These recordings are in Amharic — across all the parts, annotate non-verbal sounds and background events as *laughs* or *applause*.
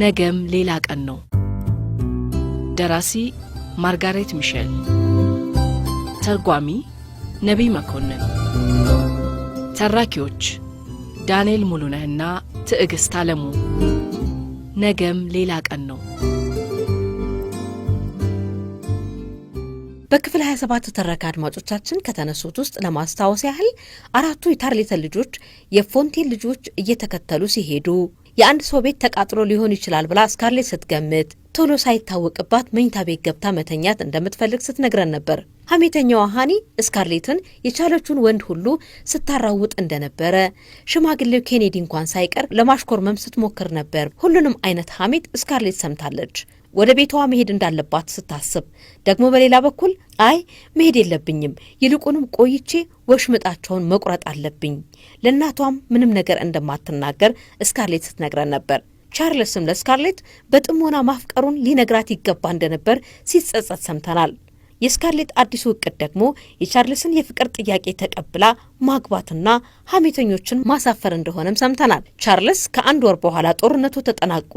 ነገም ሌላ ቀን ነው። ደራሲ ማርጋሬት ሚሼል፣ ተርጓሚ ነቢይ መኮንን፣ ተራኪዎች ዳንኤል ሙሉነህና ትዕግሥት አለሙ። ነገም ሌላ ቀን ነው። በክፍል 27 ተረካ አድማጮቻችን ከተነሱት ውስጥ ለማስታወስ ያህል አራቱ የታርሌተን ልጆች የፎንቴን ልጆች እየተከተሉ ሲሄዱ የአንድ ሰው ቤት ተቃጥሎ ሊሆን ይችላል ብላ እስካርሌት ስትገምት ቶሎ ሳይታወቅባት መኝታ ቤት ገብታ መተኛት እንደምትፈልግ ስትነግረን ነበር። ሐሜተኛዋ ሃኒ ስካርሌትን የቻለችውን ወንድ ሁሉ ስታራውጥ እንደነበረ፣ ሽማግሌው ኬኔዲ እንኳን ሳይቀር ለማሽኮርመም ስትሞክር ነበር። ሁሉንም አይነት ሐሜት ስካርሌት ሰምታለች። ወደ ቤቷ መሄድ እንዳለባት ስታስብ ደግሞ በሌላ በኩል አይ መሄድ የለብኝም ይልቁንም ቆይቼ ወሽምጣቸውን መቁረጥ አለብኝ። ለእናቷም ምንም ነገር እንደማትናገር ስካርሌት ስትነግረን ነበር። ቻርልስም ለስካርሌት በጥሞና ማፍቀሩን ሊነግራት ይገባ እንደነበር ሲጸጸት ሰምተናል። የስካርሌት አዲሱ እቅድ ደግሞ የቻርልስን የፍቅር ጥያቄ ተቀብላ ማግባትና ሀሜተኞችን ማሳፈር እንደሆነም ሰምተናል። ቻርልስ ከአንድ ወር በኋላ ጦርነቱ ተጠናቆ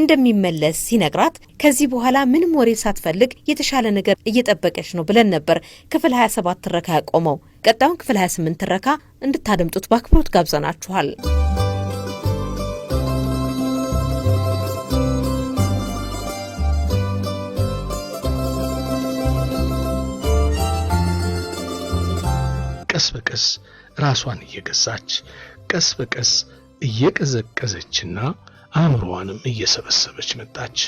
እንደሚመለስ ሲነግራት ከዚህ በኋላ ምንም ወሬ ሳትፈልግ የተሻለ ነገር እየጠበቀች ነው ብለን ነበር ክፍል 27 ትረካ ያቆመው። ቀጣዩን ክፍል 28 ትረካ እንድታደምጡት በአክብሮት ጋብዘናችኋል። በቀስ ራሷን እየገዛች ቀስ በቀስ እየቀዘቀዘችና አእምሮዋንም እየሰበሰበች መጣች።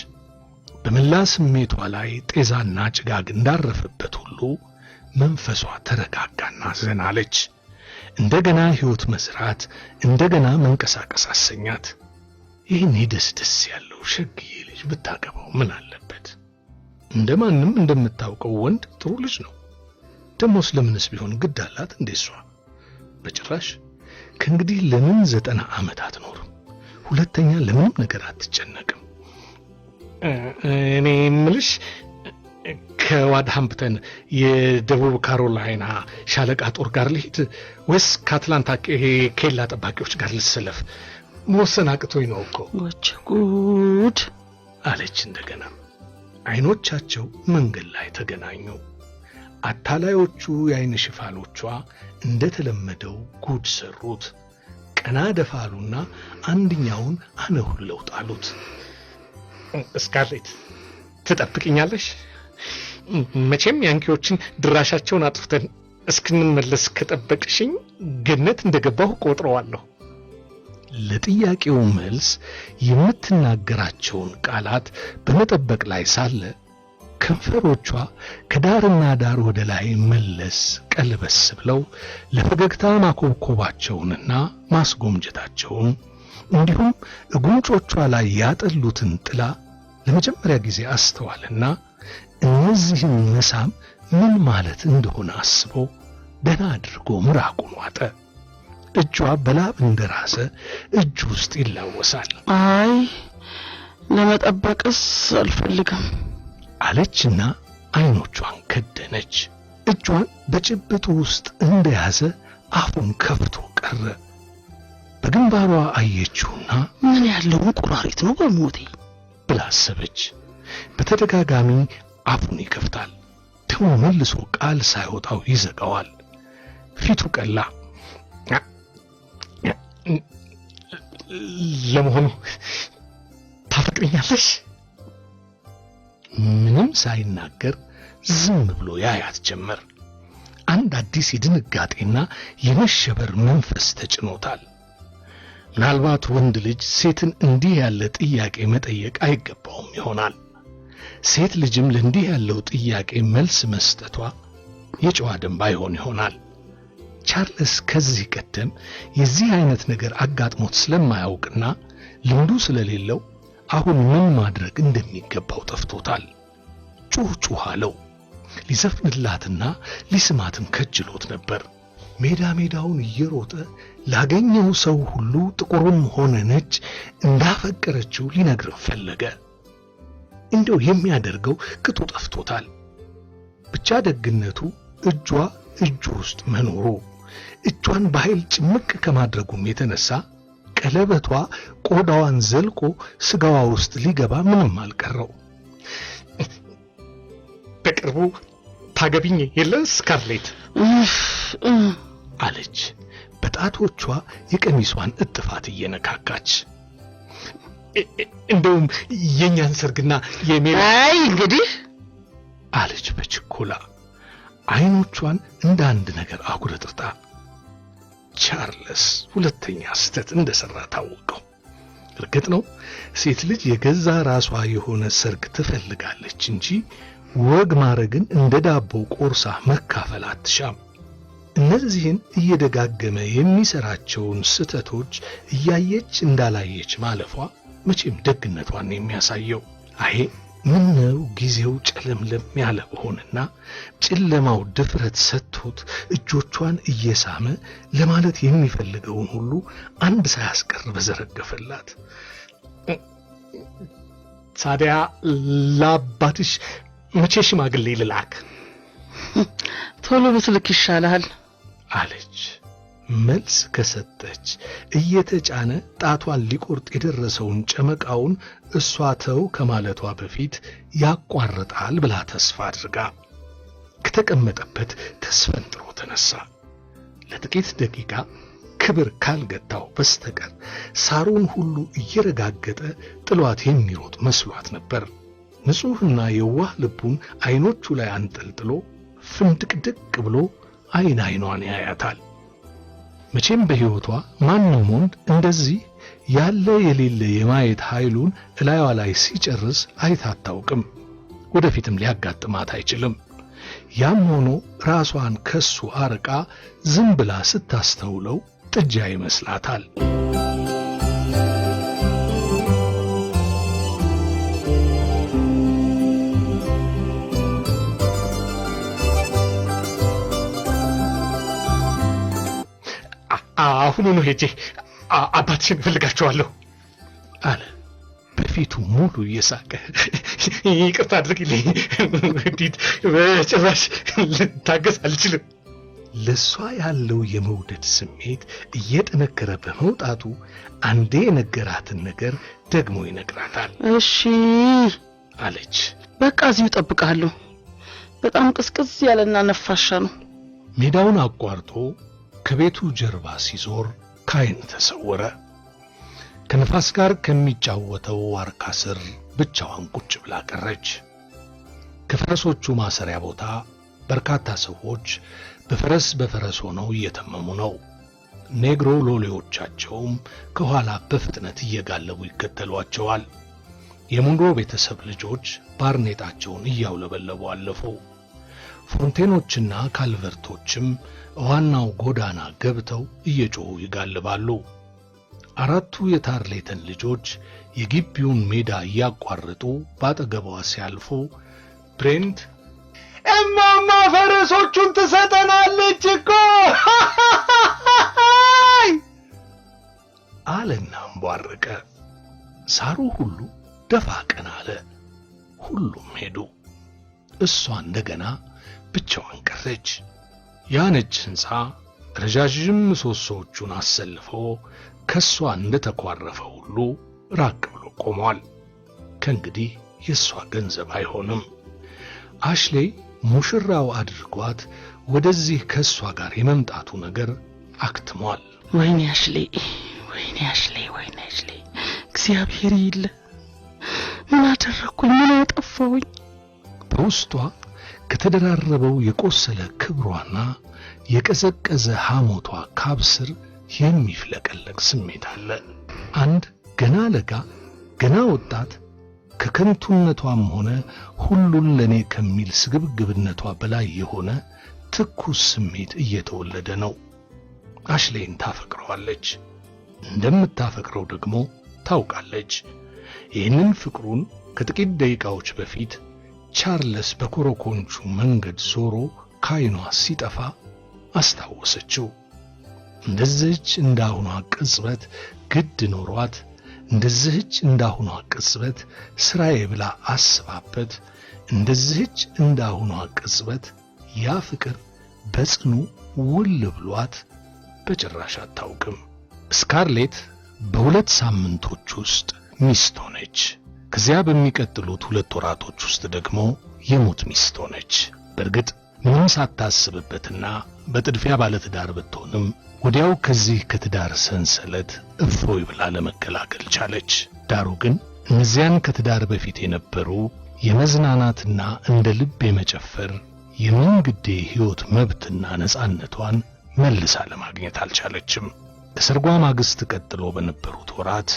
በመላ ስሜቷ ላይ ጤዛና ጭጋግ እንዳረፈበት ሁሉ መንፈሷ ተረጋጋና ዘናለች እንደገና ሕይወት መስራት እንደገና መንቀሳቀስ አሰኛት። ይህን ደስ ደስ ያለው ሸግዬ ልጅ ብታገባው ምን አለበት? እንደማንም እንደምታውቀው ወንድ ጥሩ ልጅ ነው። ደሞስ ለምንስ ቢሆን ግድ አላት እንዴ? እሷ በጭራሽ ከእንግዲህ ለምን ዘጠና ዓመት አትኖርም? ሁለተኛ ለምንም ነገር አትጨነቅም። እኔ ከዋድ ከዋድሃምፕተን የደቡብ ካሮላይና ሻለቃ ጦር ጋር ልሂድ ወይስ ከአትላንታ ኬላ ጠባቂዎች ጋር ልሰለፍ? መወሰን አቅቶኝ ነው እኮ። ጉድ አለች እንደገና። አይኖቻቸው መንገድ ላይ ተገናኙ። አታላዮቹ የዐይን ሽፋሎቿ እንደ ተለመደው ጉድ ሰሩት። ቀና ደፋሉና አንድኛውን አነሁለው ጣሉት። እስካርሌት ትጠብቅኛለሽ? መቼም ያንኪዎችን ድራሻቸውን አጥፍተን እስክንመለስ ከጠበቅሽኝ ገነት እንደገባሁ ቆጥረዋለሁ። ለጥያቄው መልስ የምትናገራቸውን ቃላት በመጠበቅ ላይ ሳለ ከንፈሮቿ ከዳርና ዳር ወደ ላይ መለስ ቀልበስ ብለው ለፈገግታ ማኮብኮባቸውንና ማስጎምጀታቸውን እንዲሁም ጉንጮቿ ላይ ያጠሉትን ጥላ ለመጀመሪያ ጊዜ አስተዋልና እነዚህን መሳም ምን ማለት እንደሆነ አስቦ ደህና አድርጎ ምራቁን ዋጠ። እጇ በላብ እንደራሰ እጅ ውስጥ ይላወሳል። አይ ለመጠበቅስ አልፈልግም። አለችና አይኖቿን ከደነች። እጇን በጭብጡ ውስጥ እንደያዘ አፉን ከፍቶ ቀረ። በግንባሯ አየችውና ምን ያለው ቁራሪት ነው በሞቴ ብላ አሰበች። በተደጋጋሚ አፉን ይከፍታል፣ ደግሞ መልሶ ቃል ሳይወጣው ይዘጋዋል። ፊቱ ቀላ። ለመሆኑ ታፈቅረኛለሽ? ምንም ሳይናገር ዝም ብሎ ያያት ጀመር። አንድ አዲስ የድንጋጤና የመሸበር መንፈስ ተጭኖታል። ምናልባት ወንድ ልጅ ሴትን እንዲህ ያለ ጥያቄ መጠየቅ አይገባውም ይሆናል። ሴት ልጅም ለእንዲህ ያለው ጥያቄ መልስ መስጠቷ የጨዋ ደንብ አይሆን ይሆናል። ቻርልስ ከዚህ ቀደም የዚህ አይነት ነገር አጋጥሞት ስለማያውቅና ልምዱ ስለሌለው አሁን ምን ማድረግ እንደሚገባው ጠፍቶታል። ጩህ ጩህ አለው። ሊዘፍንላትና ሊስማትም ከጅሎት ነበር። ሜዳ ሜዳውን እየሮጠ ላገኘው ሰው ሁሉ ጥቁርም ሆነ ነጭ እንዳፈቀረችው ሊነግርም ፈለገ። እንደው የሚያደርገው ቅጡ ጠፍቶታል። ብቻ ደግነቱ እጇ እጁ ውስጥ መኖሩ እጇን በኃይል ጭምቅ ከማድረጉም የተነሳ ቀለበቷ ቆዳዋን ዘልቆ ስጋዋ ውስጥ ሊገባ ምንም አልቀረው። በቅርቡ ታገቢኝ የለ ስካርሌት አለች፣ በጣቶቿ የቀሚሷን እጥፋት እየነካካች። እንደውም የእኛን ሰርግና የሜ አይ እንግዲህ አለች በችኮላ አይኖቿን እንደ አንድ ነገር አጉረጥርጣ። ቻርለስ ሁለተኛ ስህተት እንደሰራ ታወቀው። እርግጥ ነው ሴት ልጅ የገዛ ራሷ የሆነ ሰርግ ትፈልጋለች እንጂ ወግ ማረግን እንደ ዳቦ ቆርሳ መካፈል አትሻም። እነዚህን እየደጋገመ የሚሰራቸውን ስህተቶች እያየች እንዳላየች ማለፏ መቼም ደግነቷን የሚያሳየው። አሄ ምነው ጊዜው ጨለምለም ያለ በሆንና ጨለማው ድፍረት ሰጥቶት እጆቿን እየሳመ ለማለት የሚፈልገውን ሁሉ አንድ ሳያስቀር በዘረገፈላት። ታዲያ ለአባትሽ መቼ ሽማግሌ ልላክ? ቶሎ ብትልክ ይሻልሃል አለች። መልስ ከሰጠች እየተጫነ ጣቷን ሊቆርጥ የደረሰውን ጨመቃውን እሷ ተው ከማለቷ በፊት ያቋርጣል ብላ ተስፋ አድርጋ ከተቀመጠበት ተስፈንጥሮ ተነሳ። ለጥቂት ደቂቃ ክብር ካልገታው በስተቀር ሳሩን ሁሉ እየረጋገጠ ጥሏት የሚሮጥ መስሏት ነበር። ንጹሕና የዋህ ልቡን ዐይኖቹ ላይ አንጠልጥሎ ፍንድቅድቅ ብሎ ዐይን ዐይኗን ያያታል። መቼም በሕይወቷ ማንም ወንድ እንደዚህ ያለ የሌለ የማየት ኃይሉን እላይዋ ላይ ሲጨርስ አይታታውቅም ወደፊትም ሊያጋጥማት አይችልም። ያም ሆኖ ራሷን ከሱ አርቃ ዝም ብላ ስታስተውለው ጥጃ ይመስላታል። አሁኑኑ ሄጄ አባትሽን እፈልጋቸዋለሁ አለ። በፊቱ ሙሉ እየሳቀ ይቅርታ አድርግልኝ፣ ዲት በጭራሽ ልታገስ አልችልም። ለእሷ ያለው የመውደድ ስሜት እየጠነከረ በመውጣቱ አንዴ የነገራትን ነገር ደግሞ ይነግራታል። እሺ አለች። በቃ እዚሁ ጠብቃለሁ በጣም ቅዝቅዝ ያለና ነፋሻ ነው። ሜዳውን አቋርጦ ከቤቱ ጀርባ ሲዞር ካይን ተሰወረ። ከነፋስ ጋር ከሚጫወተው ዋርካ ስር ብቻዋን ቁጭ ብላ ቀረች። ከፈረሶቹ ማሰሪያ ቦታ በርካታ ሰዎች በፈረስ በፈረስ ሆነው እየተመሙ ነው። ኔግሮ ሎሌዎቻቸውም ከኋላ በፍጥነት እየጋለቡ ይከተሏቸዋል። የሙንሮ ቤተሰብ ልጆች ባርኔጣቸውን እያውለበለቡ አለፉ። ፎንቴኖችና ካልቨርቶችም ዋናው ጎዳና ገብተው እየጮኹ ይጋልባሉ። አራቱ የታርሌተን ልጆች የግቢውን ሜዳ እያቋረጡ በአጠገቧ ሲያልፉ ብሬንት እማማ ፈረሶቹን ትሰጠናለች እኮ *laughs* አለና አንቧረቀ። ሳሩ ሁሉ ደፋ ቀና አለ። ሁሉም ሄዱ። እሷ እንደገና ብቻዋን ቀረች። ያ ነጭ ሕንፃ ረዣዥም ምሰሶዎቹን አሰልፎ ከሷ እንደተኳረፈ ሁሉ ራቅ ብሎ ቆሟል። ከእንግዲህ የሷ ገንዘብ አይሆንም። አሽሌ ሙሽራው አድርጓት ወደዚህ ከሷ ጋር የመምጣቱ ነገር አክትሟል። ወይኔ አሽሌ፣ ወይኔ አሽሌ፣ ወይኔ አሽሌ፣ እግዚአብሔር ይለ ምን አደረግኩኝ? ምን አጠፋውኝ በውስጧ ከተደራረበው የቆሰለ ክብሯና የቀዘቀዘ ሐሞቷ ካብ ስር የሚፍለቀለቅ ስሜት አለ። አንድ ገና ለጋ ገና ወጣት ከከንቱነቷም ሆነ ሁሉን ለኔ ከሚል ስግብግብነቷ በላይ የሆነ ትኩስ ስሜት እየተወለደ ነው። አሽሌን ታፈቅረዋለች። እንደምታፈቅረው ደግሞ ታውቃለች። ይህንን ፍቅሩን ከጥቂት ደቂቃዎች በፊት ቻርለስ በኮረኮንቹ መንገድ ዞሮ ካይኗ ሲጠፋ አስታወሰችው። እንደዚህች እንዳሁኗ ቅጽበት ግድ ኖሯት እንደዚህች እንዳሁኗ ቅጽበት ስራዬ ብላ አስባበት እንደዚህች እንዳሁኗ ቅጽበት ያ ፍቅር በጽኑ ውል ብሏት በጭራሽ አታውቅም። ስካርሌት በሁለት ሳምንቶች ውስጥ ሚስት ሆነች። ከዚያ በሚቀጥሉት ሁለት ወራቶች ውስጥ ደግሞ የሙት ሚስት ሆነች። በእርግጥ ምንም ሳታስብበትና በጥድፊያ ባለትዳር ብትሆንም ወዲያው ከዚህ ከትዳር ሰንሰለት እፎይ ብላ ለመከላከል ቻለች። ዳሩ ግን እነዚያን ከትዳር በፊት የነበሩ የመዝናናትና እንደ ልብ የመጨፈር የምንግዴ ሕይወት መብትና ነፃነቷን መልሳ ለማግኘት አልቻለችም። ከሰርጓ ማግስት ቀጥሎ በነበሩት ወራት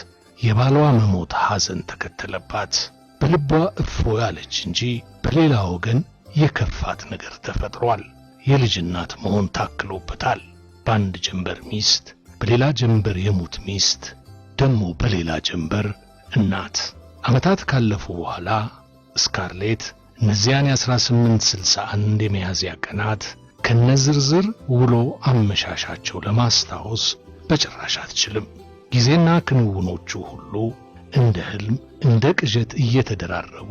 የባሏ መሞት ሐዘን ተከተለባት። በልቧ እፎ ያለች እንጂ በሌላ ወገን የከፋት ነገር ተፈጥሯል። የልጅ እናት መሆን ታክሎበታል። በአንድ ጀንበር ሚስት፣ በሌላ ጀንበር የሙት ሚስት፣ ደግሞ በሌላ ጀንበር እናት። ዓመታት ካለፉ በኋላ ስካርሌት እነዚያን የ አንድ የሚያዝያ ቀናት ከነዝርዝር ውሎ አመሻሻቸው ለማስታወስ በጭራሽ አትችልም። ጊዜና ክንውኖቹ ሁሉ እንደ ህልም፣ እንደ ቅዠት እየተደራረቡ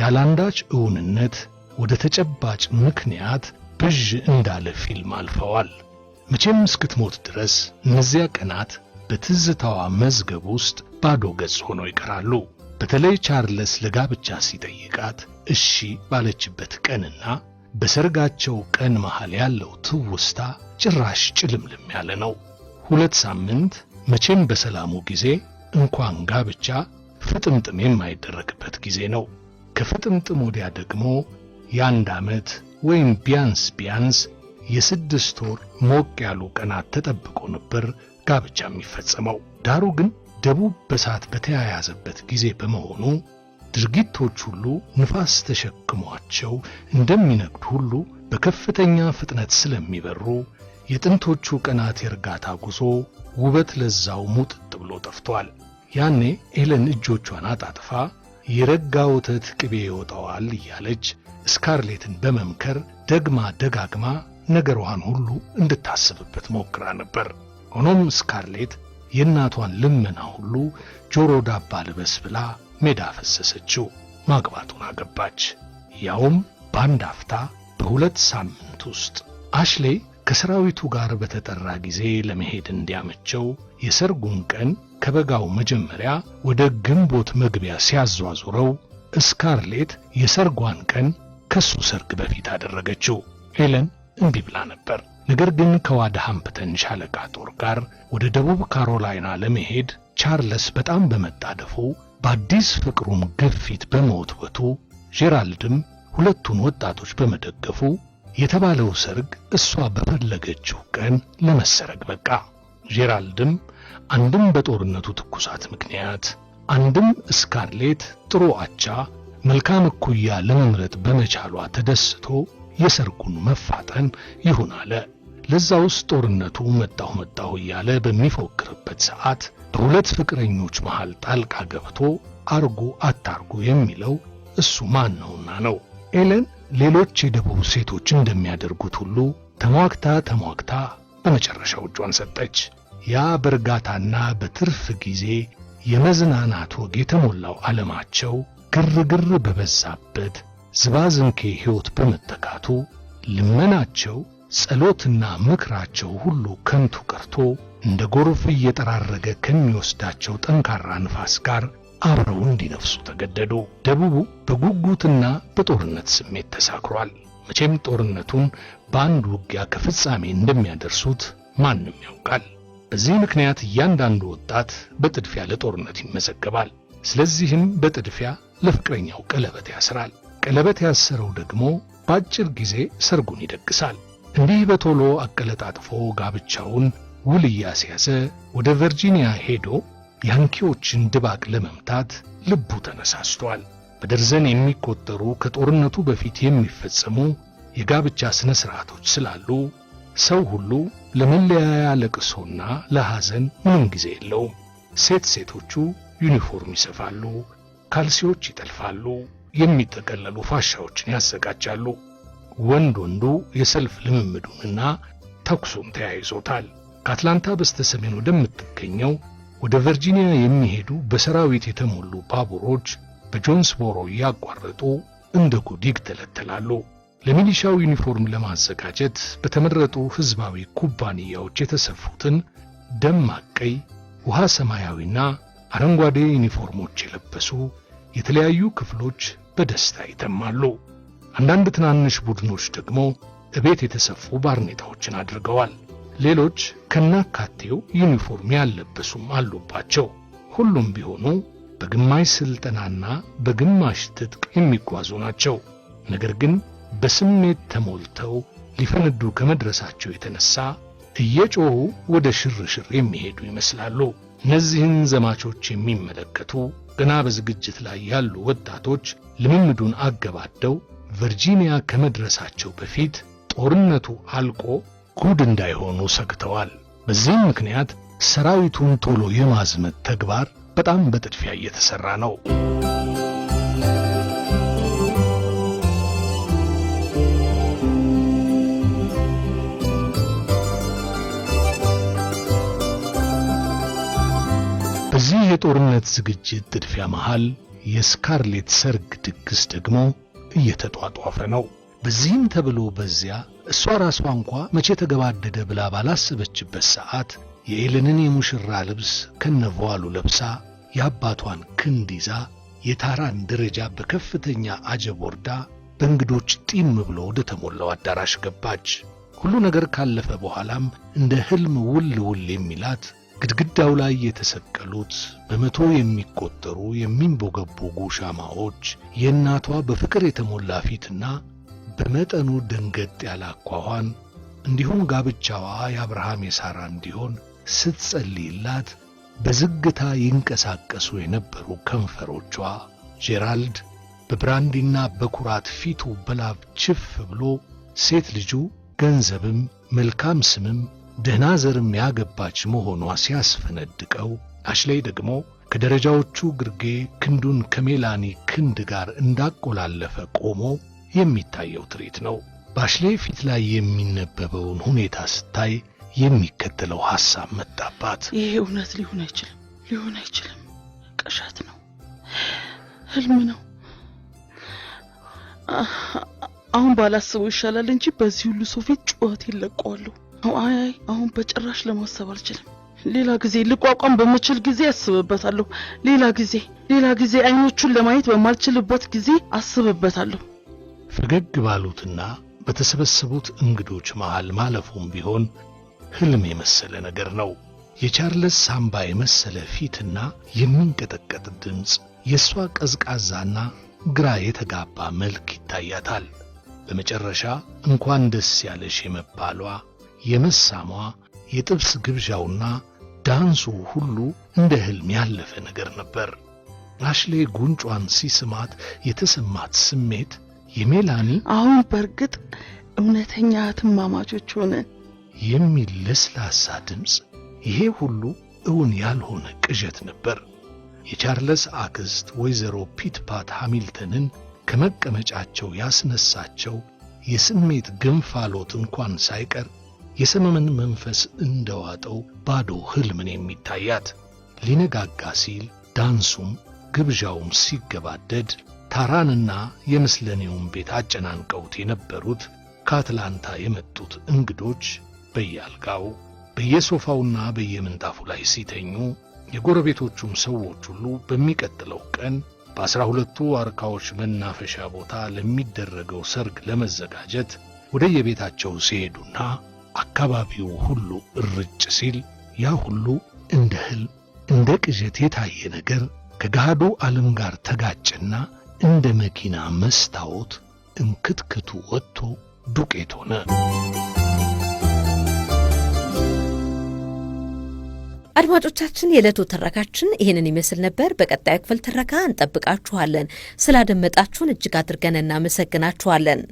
ያላንዳች እውንነት ወደ ተጨባጭ ምክንያት ብዥ እንዳለ ፊልም አልፈዋል። መቼም እስክትሞት ድረስ እነዚያ ቀናት በትዝታዋ መዝገብ ውስጥ ባዶ ገጽ ሆነው ይቀራሉ። በተለይ ቻርለስ ለጋብቻ ሲጠይቃት እሺ ባለችበት ቀንና በሰርጋቸው ቀን መሃል ያለው ትውስታ ጭራሽ ጭልምልም ያለ ነው። ሁለት ሳምንት መቼም በሰላሙ ጊዜ እንኳን ጋብቻ ፍጥምጥም የማይደረግበት ጊዜ ነው። ከፍጥምጥም ወዲያ ደግሞ የአንድ ዓመት ወይም ቢያንስ ቢያንስ የስድስት ወር ሞቅ ያሉ ቀናት ተጠብቆ ነበር ጋብቻ የሚፈጸመው። ዳሩ ግን ደቡብ በሳት በተያያዘበት ጊዜ በመሆኑ ድርጊቶች ሁሉ ንፋስ ተሸክሟቸው እንደሚነግዱ ሁሉ በከፍተኛ ፍጥነት ስለሚበሩ የጥንቶቹ ቀናት የእርጋታ ጉዞ ውበት ለዛው ሙጥጥ ብሎ ጠፍቷል። ያኔ ኤለን እጆቿን አጣጥፋ የረጋ ወተት ቅቤ ይወጣዋል እያለች ስካርሌትን በመምከር ደግማ ደጋግማ ነገሯን ሁሉ እንድታስብበት ሞክራ ነበር። ሆኖም ስካርሌት የእናቷን ልመና ሁሉ ጆሮ ዳባ ልበስ ብላ ሜዳ ፈሰሰችው። ማግባቱን አገባች። ያውም በአንድ አፍታ በሁለት ሳምንት ውስጥ አሽሌ ከሰራዊቱ ጋር በተጠራ ጊዜ ለመሄድ እንዲያመቸው የሰርጉን ቀን ከበጋው መጀመሪያ ወደ ግንቦት መግቢያ ሲያዟዙረው እስካርሌት የሰርጓን ቀን ከሱ ሰርግ በፊት አደረገችው። ኤለን እምቢ ብላ ነበር። ነገር ግን ከዋደ ሃምፕተን ሻለቃ ጦር ጋር ወደ ደቡብ ካሮላይና ለመሄድ ቻርለስ በጣም በመጣደፉ በአዲስ ፍቅሩም ግፊት በመወትወቱ ጄራልድም ሁለቱን ወጣቶች በመደገፉ የተባለው ሰርግ እሷ በፈለገችው ቀን ለመሰረግ በቃ። ጄራልድም አንድም በጦርነቱ ትኩሳት ምክንያት አንድም ስካርሌት ጥሩ አቻ መልካም እኩያ ለመምረጥ በመቻሏ ተደስቶ የሰርጉን መፋጠን ይሁን አለ። ውስጥ ጦርነቱ መጣሁ መጣሁ እያለ በሚፎክርበት ሰዓት በሁለት ፍቅረኞች መሃል ጣልቃ ገብቶ አርጉ አታርጉ የሚለው እሱ ማን ነውና ነው? ኤለን ሌሎች የደቡብ ሴቶች እንደሚያደርጉት ሁሉ ተሟግታ ተሟግታ በመጨረሻው እጇን ሰጠች። ያ በእርጋታና በትርፍ ጊዜ የመዝናናት ወግ የተሞላው ዓለማቸው ግርግር በበዛበት ዝባዝንኬ ሕይወት በመተካቱ ልመናቸው፣ ጸሎትና ምክራቸው ሁሉ ከንቱ ቀርቶ እንደ ጎርፍ እየጠራረገ ከሚወስዳቸው ጠንካራ ንፋስ ጋር አብረው እንዲነፍሱ ተገደዱ። ደቡቡ በጉጉትና በጦርነት ስሜት ተሳክሯል። መቼም ጦርነቱን በአንድ ውጊያ ከፍጻሜ እንደሚያደርሱት ማንም ያውቃል። በዚህ ምክንያት እያንዳንዱ ወጣት በጥድፊያ ለጦርነት ይመዘገባል። ስለዚህም በጥድፊያ ለፍቅረኛው ቀለበት ያስራል። ቀለበት ያሰረው ደግሞ በአጭር ጊዜ ሰርጉን ይደግሳል። እንዲህ በቶሎ አቀለጣጥፎ ጋብቻውን ውል እያስያዘ ወደ ቨርጂኒያ ሄዶ የያንኪዎችን ድባቅ ለመምታት ልቡ ተነሳስቷል። በደርዘን የሚቆጠሩ ከጦርነቱ በፊት የሚፈጸሙ የጋብቻ ሥነ ሥርዓቶች ስላሉ ሰው ሁሉ ለመለያያ ለቅሶና ለሐዘን ምንም ጊዜ የለውም። ሴት ሴቶቹ ዩኒፎርም ይሰፋሉ፣ ካልሲዎች ይጠልፋሉ፣ የሚጠቀለሉ ፋሻዎችን ያዘጋጃሉ። ወንድ ወንዱ የሰልፍ ልምምዱንና ተኩሱን ተያይዞታል። ከአትላንታ በስተ ሰሜን ወደምትገኘው ወደ ቨርጂኒያ የሚሄዱ በሰራዊት የተሞሉ ባቡሮች በጆንስቦሮ እያቋረጡ እንደ ጉድ ይተለተላሉ። ለሚሊሻው ዩኒፎርም ለማዘጋጀት በተመረጡ ሕዝባዊ ኩባንያዎች የተሰፉትን ደማቅ ቀይ፣ ውሃ ሰማያዊና አረንጓዴ ዩኒፎርሞች የለበሱ የተለያዩ ክፍሎች በደስታ ይተማሉ። አንዳንድ ትናንሽ ቡድኖች ደግሞ እቤት የተሰፉ ባርኔጣዎችን አድርገዋል። ሌሎች ከናካቴው ዩኒፎርም ያለበሱም አሉባቸው። ሁሉም ቢሆኑ በግማሽ ስልጠናና በግማሽ ትጥቅ የሚጓዙ ናቸው። ነገር ግን በስሜት ተሞልተው ሊፈነዱ ከመድረሳቸው የተነሳ እየጮሁ ወደ ሽርሽር የሚሄዱ ይመስላሉ። እነዚህን ዘማቾች የሚመለከቱ ገና በዝግጅት ላይ ያሉ ወጣቶች ልምምዱን አገባደው ቨርጂኒያ ከመድረሳቸው በፊት ጦርነቱ አልቆ ጉድ እንዳይሆኑ ሰግተዋል። በዚህም ምክንያት ሰራዊቱን ቶሎ የማዝመት ተግባር በጣም በጥድፊያ እየተሰራ ነው። በዚህ የጦርነት ዝግጅት ጥድፊያ መሃል የስካርሌት ሰርግ ድግስ ደግሞ እየተጧጧፈ ነው። በዚህም ተብሎ በዚያ እሷ ራሷ እንኳ መቼ ተገባደደ ብላ ባላሰበችበት ሰዓት የኤለንን የሙሽራ ልብስ ከነቧሉ ለብሳ የአባቷን ክንድ ይዛ የታራን ደረጃ በከፍተኛ አጀብ ወርዳ በእንግዶች ጢም ብሎ ወደ ተሞላው አዳራሽ ገባች። ሁሉ ነገር ካለፈ በኋላም እንደ ሕልም ውል ውል የሚላት ግድግዳው ላይ የተሰቀሉት በመቶ የሚቆጠሩ የሚንቦገቦጉ ሻማዎች፣ የእናቷ በፍቅር የተሞላ ፊትና በመጠኑ ደንገጥ ያለ አኳኋን እንዲሁም ጋብቻዋ የአብርሃም የሳራ እንዲሆን ስትጸልይላት በዝግታ ይንቀሳቀሱ የነበሩ ከንፈሮቿ ጄራልድ በብራንዲና በኩራት ፊቱ በላብ ችፍ ብሎ ሴት ልጁ ገንዘብም መልካም ስምም ደህና ዘርም ያገባች መሆኗ ሲያስፈነድቀው፣ አሽሌይ ደግሞ ከደረጃዎቹ ግርጌ ክንዱን ከሜላኒ ክንድ ጋር እንዳቆላለፈ ቆሞ የሚታየው ትርኢት ነው። ባሽሌ ፊት ላይ የሚነበበውን ሁኔታ ስታይ የሚከተለው ሐሳብ መጣባት። ይሄ እውነት ሊሆን አይችልም፣ ሊሆን አይችልም። ቅዠት ነው፣ ህልም ነው። አሁን ባላስበው ይሻላል እንጂ በዚህ ሁሉ ሰው ፊት ጩኸት ይለቀዋሉ። አይ አይ፣ አሁን በጭራሽ ለማሰብ አልችልም። ሌላ ጊዜ ልቋቋም በምችል ጊዜ አስብበታለሁ። ሌላ ጊዜ ሌላ ጊዜ አይኖቹን ለማየት በማልችልበት ጊዜ አስብበታለሁ። ፈገግ ባሉትና በተሰበሰቡት እንግዶች መሃል ማለፉም ቢሆን ሕልም የመሰለ ነገር ነው። የቻርለስ ሳምባ የመሰለ ፊትና የሚንቀጠቀጥ ድምፅ፣ የእሷ ቀዝቃዛና ግራ የተጋባ መልክ ይታያታል። በመጨረሻ እንኳን ደስ ያለሽ የመባሏ የመሳሟ፣ የጥብስ ግብዣውና ዳንሱ ሁሉ እንደ ሕልም ያለፈ ነገር ነበር። አሽሌ ጉንጯን ሲስማት የተሰማት ስሜት የሜላኒ አሁን በእርግጥ እውነተኛ እህትማማቾች ሆነን የሚል ለስላሳ ድምፅ። ይሄ ሁሉ እውን ያልሆነ ቅዠት ነበር። የቻርለስ አክስት ወይዘሮ ፒትፓት ሃሚልተንን ከመቀመጫቸው ያስነሳቸው የስሜት ግንፋሎት እንኳን ሳይቀር የሰመመን መንፈስ እንደዋጠው ባዶ ህልምን የሚታያት ሊነጋጋ ሲል ዳንሱም ግብዣውም ሲገባደድ ታራንና የምስለኔውን ቤት አጨናንቀውት የነበሩት ከአትላንታ የመጡት እንግዶች በየአልጋው በየሶፋውና በየምንጣፉ ላይ ሲተኙ የጎረቤቶቹም ሰዎች ሁሉ በሚቀጥለው ቀን በአስራ ሁለቱ አርካዎች መናፈሻ ቦታ ለሚደረገው ሰርግ ለመዘጋጀት ወደ የቤታቸው ሲሄዱና አካባቢው ሁሉ እርጭ ሲል ያ ሁሉ እንደ ህልም እንደ ቅዠት የታየ ነገር ከገሃዱ ዓለም ጋር ተጋጨና እንደ መኪና መስታወት እንክትክቱ ወጥቶ ዱቄት ሆነ። አድማጮቻችን፣ የዕለቱ ትረካችን ይህንን ይመስል ነበር። በቀጣዩ ክፍል ትረካ እንጠብቃችኋለን። ስላደመጣችሁን እጅግ አድርገን እናመሰግናችኋለን።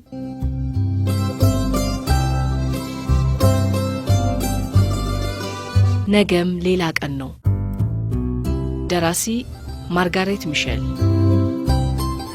ነገም ሌላ ቀን ነው። ደራሲ ማርጋሬት ሚሼል